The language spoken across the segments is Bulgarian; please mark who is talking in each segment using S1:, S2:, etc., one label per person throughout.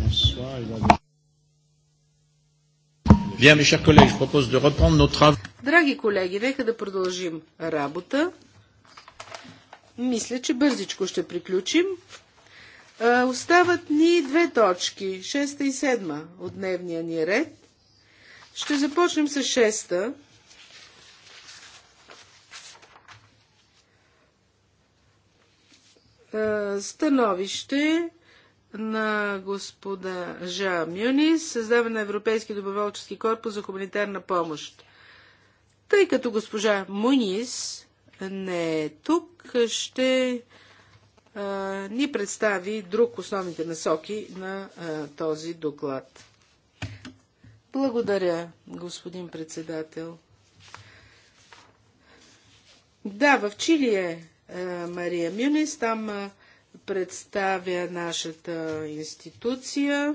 S1: François, il Bien, mes chers collègues, je propose de reprendre nos travaux.
S2: Драги колеги, нека да продължим работа. Мисля, че бързичко ще приключим. остават ни две точки, шеста и седма от дневния ни ред. Ще започнем с шеста. становище на господа Жа Мюнис, създаване на Европейски доброволчески корпус за хуманитарна помощ. Тъй като госпожа Мунис не е тук, ще а, ни представи друг основните насоки на а, този доклад. Благодаря, господин председател. Да, в Чили е Мария Мюнис, там а, представя нашата институция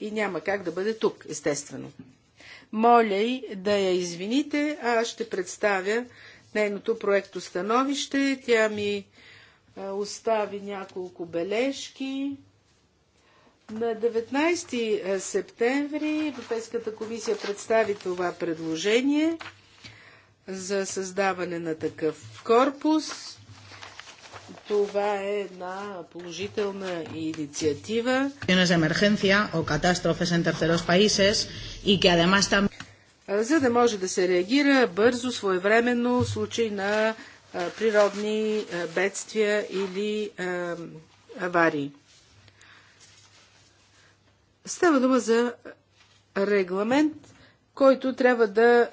S2: и няма как да бъде тук, естествено. Моля й да я извините, а аз ще представя нейното проекто становище. Тя ми остави няколко бележки. На 19 септември Европейската комисия представи това предложение за създаване на такъв корпус. Това е една положителна инициатива. За да може да се реагира бързо, своевременно в случай на природни бедствия или аварии. Става дума за регламент, който трябва да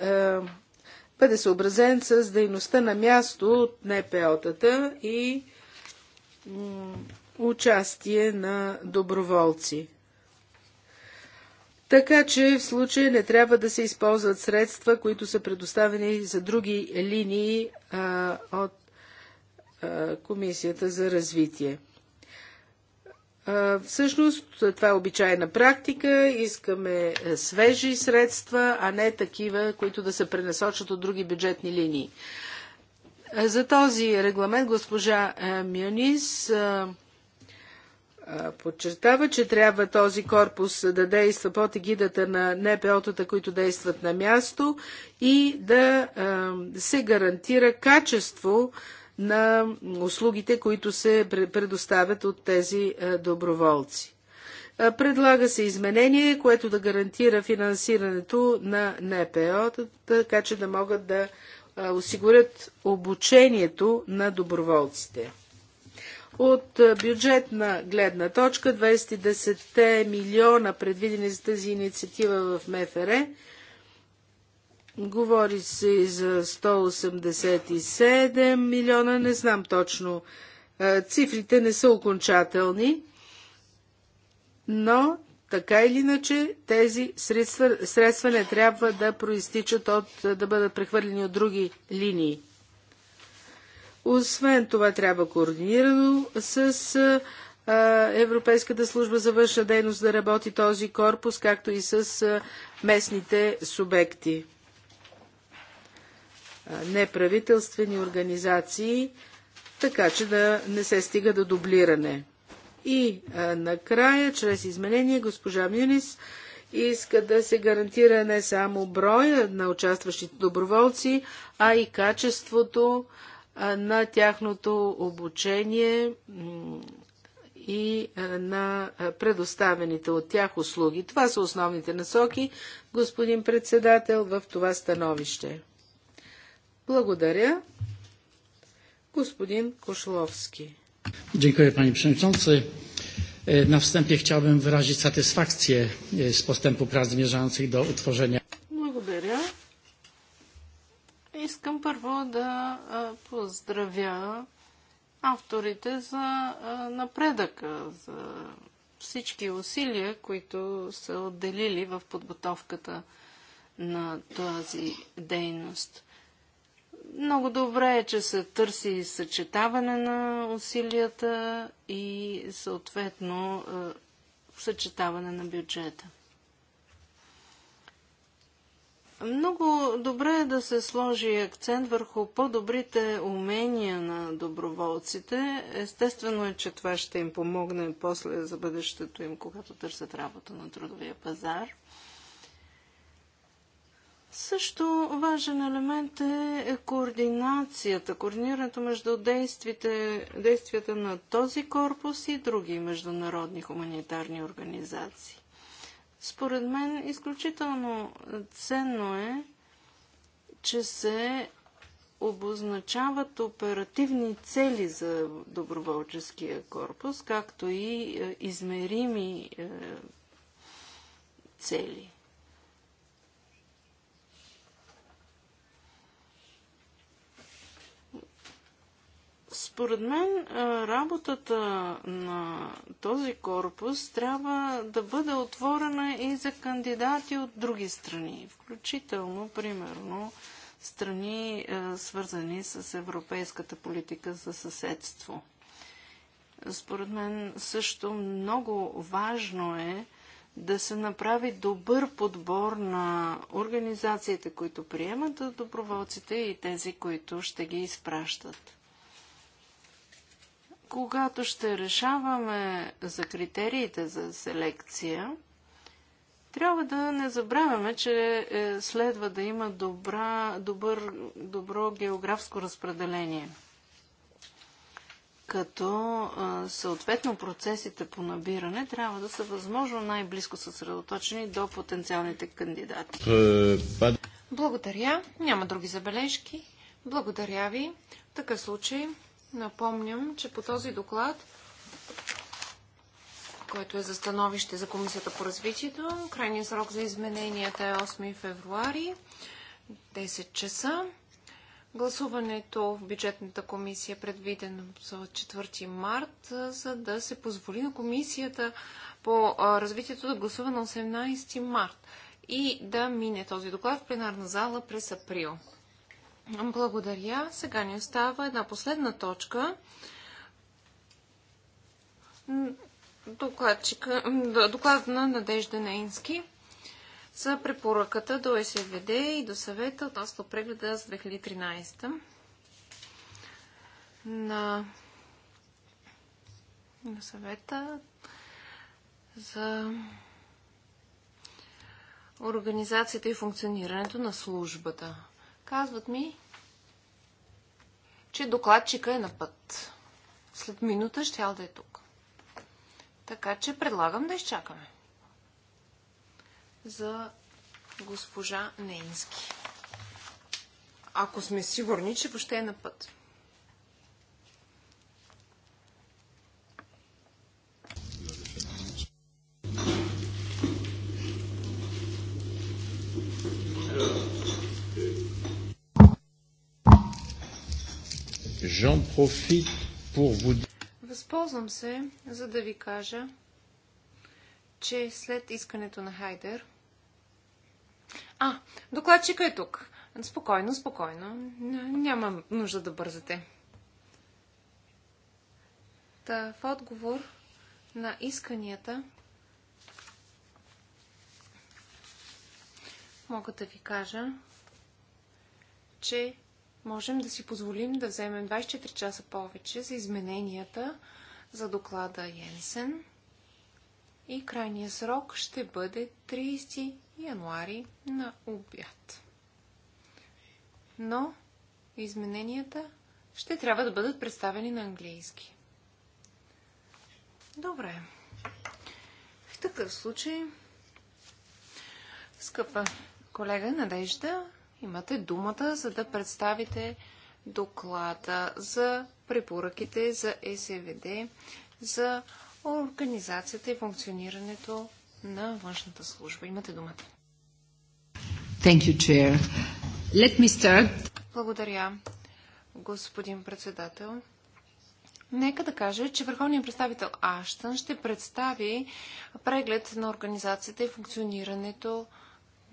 S2: бъде съобразен с дейността на място от НПО-тата и участие на доброволци. Така че в случай не трябва да се използват средства, които са предоставени за други линии а, от а, Комисията за развитие. А, всъщност това е обичайна практика. Искаме е, свежи средства, а не такива, които да се пренасочат от други бюджетни линии. Е, за този регламент госпожа е, Мюнис е, подчертава, че трябва този корпус да действа под егидата на НПО-тата, които действат на място и да се гарантира качество на услугите, които се предоставят от тези доброволци. Предлага се изменение, което да гарантира финансирането на НПО, така че да могат да осигурят обучението на доброволците. От бюджетна гледна точка 210 милиона предвидени за тази инициатива в МФР. Говори се и за 187 милиона, не знам точно. Цифрите не са окончателни, но така или иначе, тези средства, средства не трябва да проистичат от да бъдат прехвърлени от други линии. Освен това, трябва координирано с Европейската служба за външна дейност да работи този корпус, както и с местните субекти. Неправителствени организации, така че да не се стига до дублиране. И а, накрая, чрез изменение, госпожа Мюнис иска да се гарантира не само броя на участващите доброволци, а и качеството а, на тяхното обучение и а, на предоставените от тях услуги. Това са основните насоки, господин председател, в това становище. Благодаря. Господин Кошловски.
S1: Dziękuję panie przewodniczący. E, na wstępie chciałbym wyrazić satysfakcję e, z postępu prac zmierzających do utworzenia.
S3: Благодаря. Искам първо да поздравя авторите за напредъка, за всички усилия, които са отделили в подготовката на тази дейност. Много добре е, че се търси съчетаване на усилията и съответно е, съчетаване на бюджета. Много добре е да се сложи акцент върху по-добрите умения на доброволците. Естествено е, че това ще им помогне после за бъдещето им, когато търсят работа на трудовия пазар. Също важен елемент е координацията, координирането между действите, действията на този корпус и други международни хуманитарни организации. Според мен изключително ценно е, че се обозначават оперативни цели за доброволческия корпус, както и е, измерими е, цели – Според мен работата на този корпус трябва да бъде отворена и за кандидати от други страни, включително, примерно, страни свързани с европейската политика за съседство. Според мен също много важно е да се направи добър подбор на организациите, които приемат доброволците и тези, които ще ги изпращат. Когато ще решаваме за критериите за селекция, трябва да не забравяме, че е, следва да има добра, добър, добро географско разпределение. Като е, съответно процесите по набиране трябва
S1: да са възможно най-близко съсредоточени до потенциалните кандидати. Е, Благодаря. Няма други забележки. Благодаря ви. В такъв случай Напомням, че по този доклад, който е за становище за Комисията по развитието, крайният срок за измененията е 8 февруари, 10 часа. Гласуването в бюджетната комисия е предвидено за 4 март, за да се позволи на комисията по развитието да гласува на 18 март и да мине този доклад в пленарна зала през април. Благодаря. Сега ни остава една последна точка. Докладчика, доклад на Надежда Нейнски за препоръката до СВД и до съвета относно прегледа за 2013 на, на съвета за организацията и функционирането на службата. Казват ми, че докладчика е на път. След минута ще да е тук. Така че предлагам да изчакаме. За госпожа Нейнски. Ако сме сигурни, че въобще е на път. J'en profite pour vous... Възползвам се, за да ви кажа, че след искането на Хайдер... А, докладчика е тук. Спокойно, спокойно. Няма нужда да бързате. Та, в отговор на исканията мога да ви кажа, че можем да си позволим да вземем 24 часа повече за измененията за доклада Йенсен. И крайният срок ще бъде 30 януари на обяд. Но измененията ще трябва да бъдат представени на английски. Добре. В такъв случай, скъпа колега Надежда, Имате думата, за да представите доклада за препоръките за СВД, за организацията и функционирането на външната служба. Имате думата. Thank you, Chair. Let me start. Благодаря, господин председател. Нека да кажа, че върховният представител Аштън ще представи преглед на организацията и функционирането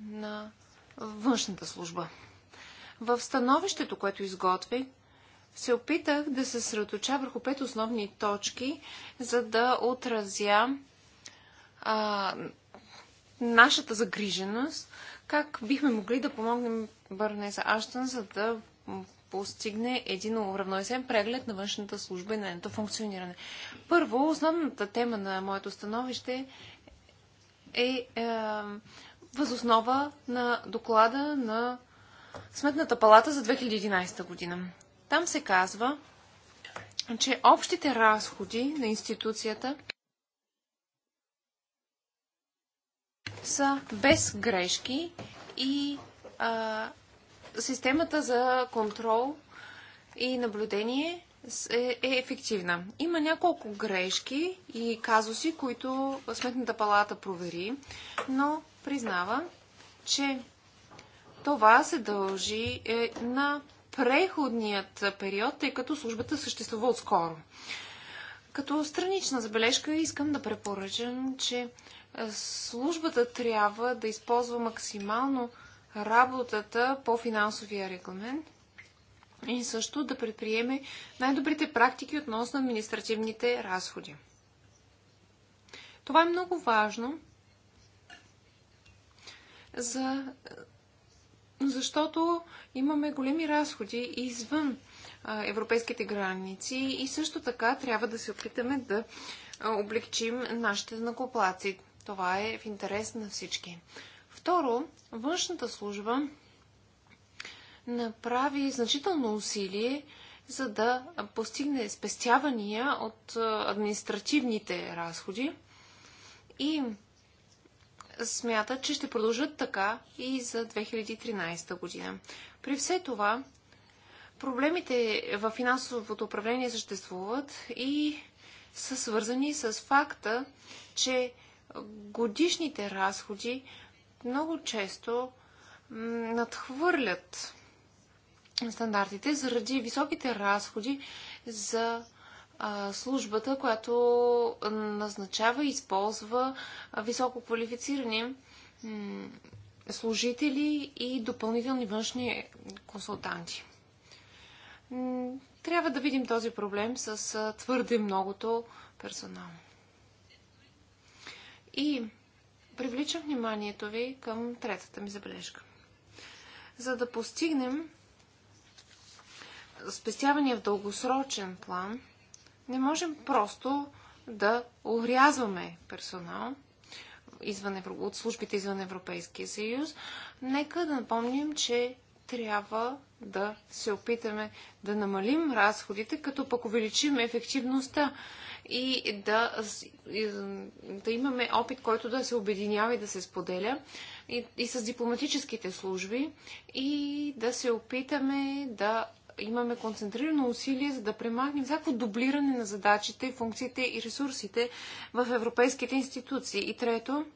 S1: на външната служба. В становището, което изготвих, се опитах да се съсредоточа върху пет основни точки, за да отразя а, нашата загриженост, как бихме могли да помогнем Бърнеса Аштън, за да постигне един уравновесен преглед на външната служба и на нейното функциониране. Първо, основната тема на моето становище е, е възоснова на доклада на Сметната палата за 2011 година. Там се казва, че общите разходи на институцията са без грешки и а, системата за контрол и наблюдение е, е ефективна. Има няколко грешки и казуси, които Сметната палата провери, но признава, че това се дължи е, на преходният период, тъй като службата съществува отскоро. Като странична забележка искам да препоръчам, че е, службата трябва да използва максимално работата по финансовия регламент и също да предприеме най-добрите практики относно административните разходи. Това е много важно, за... защото имаме големи разходи извън европейските граници и също така трябва да се опитаме да облегчим нашите знакоплаци. Това е в интерес на всички. Второ, външната служба направи значително усилие, за да постигне спестявания от административните разходи и смята, че ще продължат така и за 2013 година. При все това, проблемите в финансовото управление съществуват и са свързани с факта, че годишните разходи много често надхвърлят стандартите заради високите разходи за службата, която назначава и използва високо квалифицирани служители и допълнителни външни консултанти. Трябва да видим този проблем с твърде многото персонал. И привличам вниманието ви към третата ми забележка. За да постигнем спестявания в дългосрочен план, не можем просто да урязваме персонал извън Евро... от службите извън Европейския съюз. Нека да напомним, че трябва да се опитаме да намалим разходите, като пък увеличим ефективността и да, да имаме опит, който да се обединява и да се споделя и, и с дипломатическите служби и да се опитаме да имаме концентрирано усилие, за да премахнем всяко дублиране на задачите, функциите и ресурсите в европейските институции. И трето,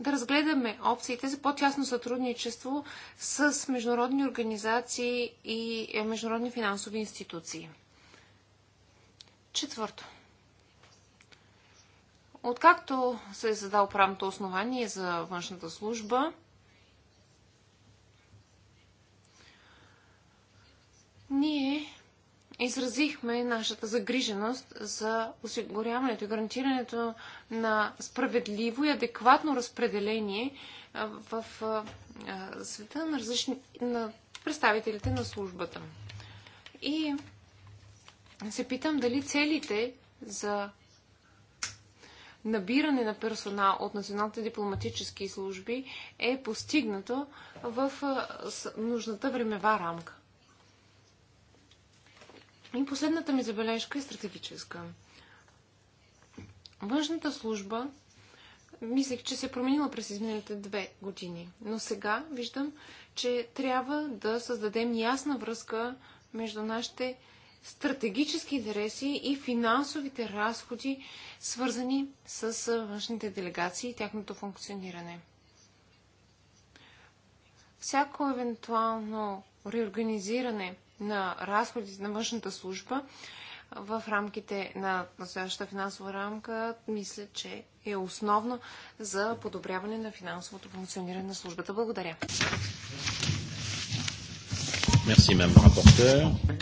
S1: да разгледаме опциите за по-тясно сътрудничество с международни организации и е, международни финансови институции. Четвърто. Откакто се е задал правното основание за външната служба, Ние изразихме нашата загриженост за осигуряването и гарантирането на справедливо и адекватно разпределение в света на, различни, на представителите на службата. И се питам дали целите за набиране на персонал от националните дипломатически служби е постигнато в нужната времева рамка. И последната ми забележка е стратегическа. Външната служба мислех, че се е променила през изминалите две години. Но сега виждам, че трябва да създадем ясна връзка между нашите стратегически интереси и финансовите разходи, свързани с външните делегации и тяхното функциониране всяко евентуално реорганизиране на разходите на външната служба в рамките на настоящата финансова рамка, мисля, че е основно за подобряване на финансовото функциониране на службата. Благодаря.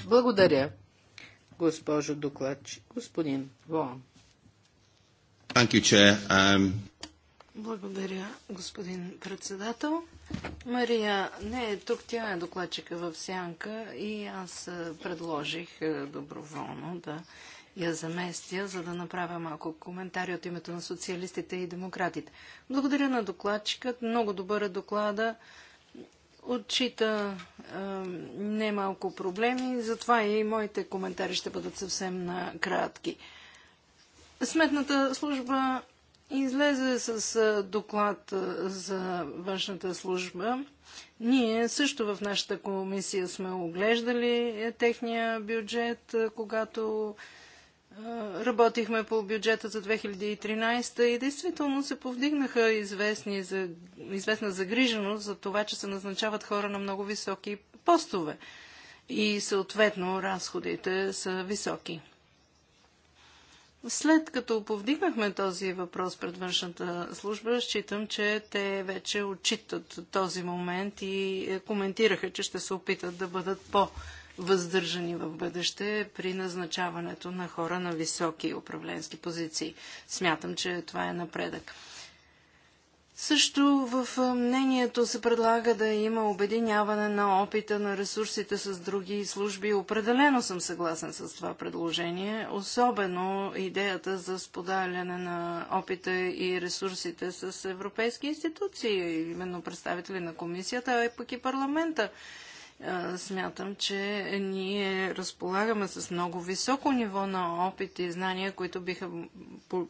S1: Благодаря,
S2: госпожо докладчик. Господин Вон. Um,
S3: благодаря, господин председател. Мария не е тук, тя е докладчика в Сянка и аз предложих доброволно да я заместя, за да направя малко коментари от името на социалистите и демократите. Благодаря на докладчика. Много добър е доклада. Отчита е, немалко проблеми, затова и моите коментари ще бъдат съвсем на кратки. Сметната служба излезе с доклад за външната служба. Ние също в нашата комисия сме оглеждали е, техния бюджет, когато работихме по бюджета за 2013 и действително се повдигнаха известни, известна загриженост за това, че се назначават хора на много високи постове и съответно разходите са високи. След като повдигнахме този въпрос пред външната служба, считам, че те вече отчитат този момент и е, коментираха, че ще се опитат да бъдат по-въздържани в бъдеще при назначаването на хора на високи управленски позиции. Смятам, че това е напредък. Също в мнението се предлага да има обединяване на опита на ресурсите с други служби. Определено съм съгласен с това предложение, особено идеята за споделяне на опита и ресурсите с европейски институции, именно представители на комисията, а и пък и парламента. Смятам, че ние разполагаме с много високо ниво на опит и знания, които биха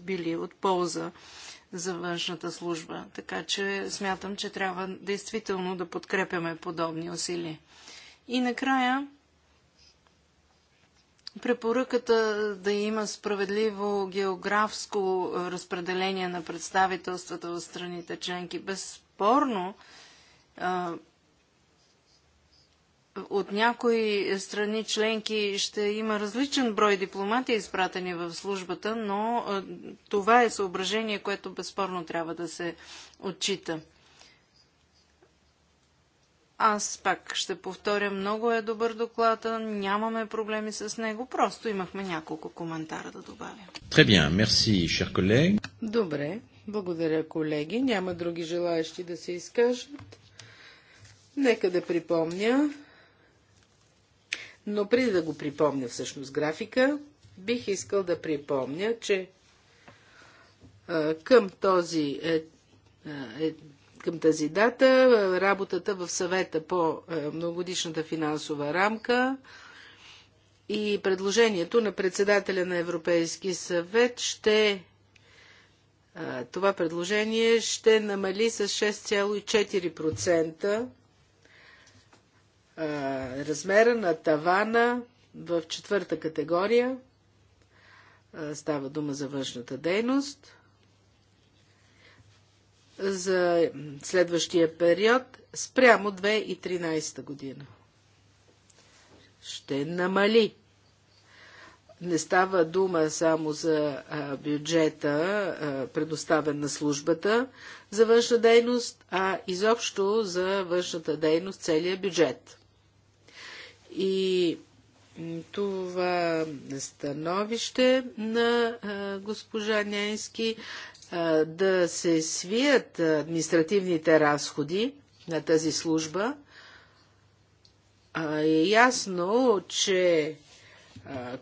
S3: били от полза за външната служба. Така че смятам, че трябва действително да подкрепяме подобни усилия. И накрая препоръката да има справедливо географско разпределение на представителствата в страните членки. Безспорно от някои страни членки ще има различен брой дипломати, изпратени в службата, но е, това е съображение, което безспорно трябва да се отчита. Аз пак ще повторя, много е добър доклад, нямаме проблеми с него, просто имахме няколко коментара да добавя. Très bien, merci, cher collègue.
S2: Добре, благодаря, колеги. Няма други желаящи да се изкажат. Нека да припомня, но преди да го припомня всъщност графика, бих искал да припомня, че към този е, е, към тази дата работата в съвета по е, многогодишната финансова рамка и предложението на председателя на Европейски съвет ще това предложение ще намали с 6,4% размера на тавана в четвърта категория. Става дума за външната дейност. За следващия период спрямо 2013 година. Ще намали. Не става дума само за бюджета, предоставен на службата за външна дейност, а изобщо за външната дейност целият бюджет. И това становище на госпожа Ненски да се свият административните разходи на тази служба. Е ясно, че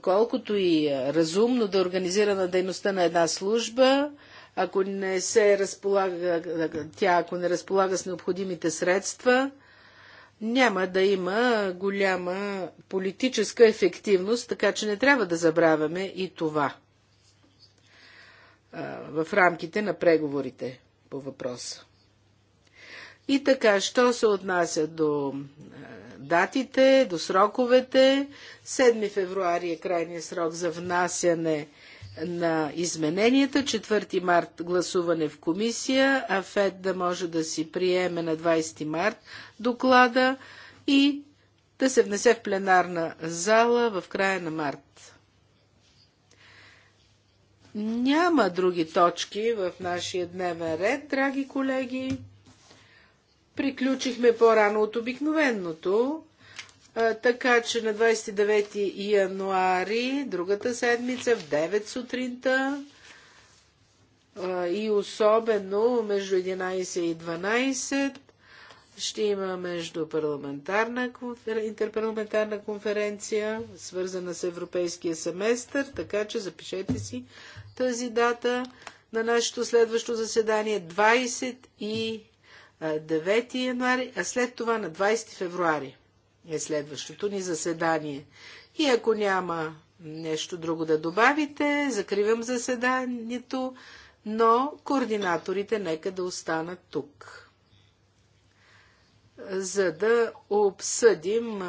S2: колкото и разумно да организира организирана дейността на една служба, ако не се разполага, тя ако не разполага с необходимите средства, няма да има голяма политическа ефективност, така че не трябва да забравяме и това в рамките на преговорите по въпроса. И така, що се отнася до датите, до сроковете, 7 февруари е крайният срок за внасяне на измененията. 4 март гласуване в комисия, а ФЕД да може да си приеме на 20 март доклада и да се внесе в пленарна зала в края на март. Няма други точки в нашия дневен ред, драги колеги. Приключихме по-рано от обикновеното така че на 29 януари, другата седмица, в 9 сутринта и особено между 11 и 12 ще има между парламентарна, интерпарламентарна конференция, свързана с европейския семестър, така че запишете си тази дата на нашето следващо заседание 29 януари, а след това на 20 февруари е следващото ни заседание. И ако няма нещо друго да добавите, закривам заседанието, но координаторите нека да останат тук, за да обсъдим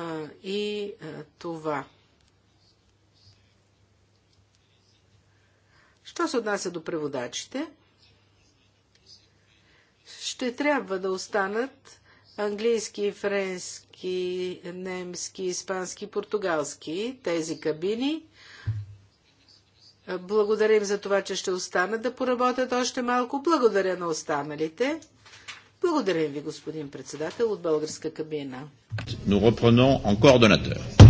S2: и това. Що се отнася до преводачите? Ще трябва да останат английски, френски, немски, испански, португалски тези кабини. Благодарим за това, че ще останат да поработят още малко. Благодаря на останалите. Благодарим ви, господин председател, от българска кабина.
S3: Nous reprenons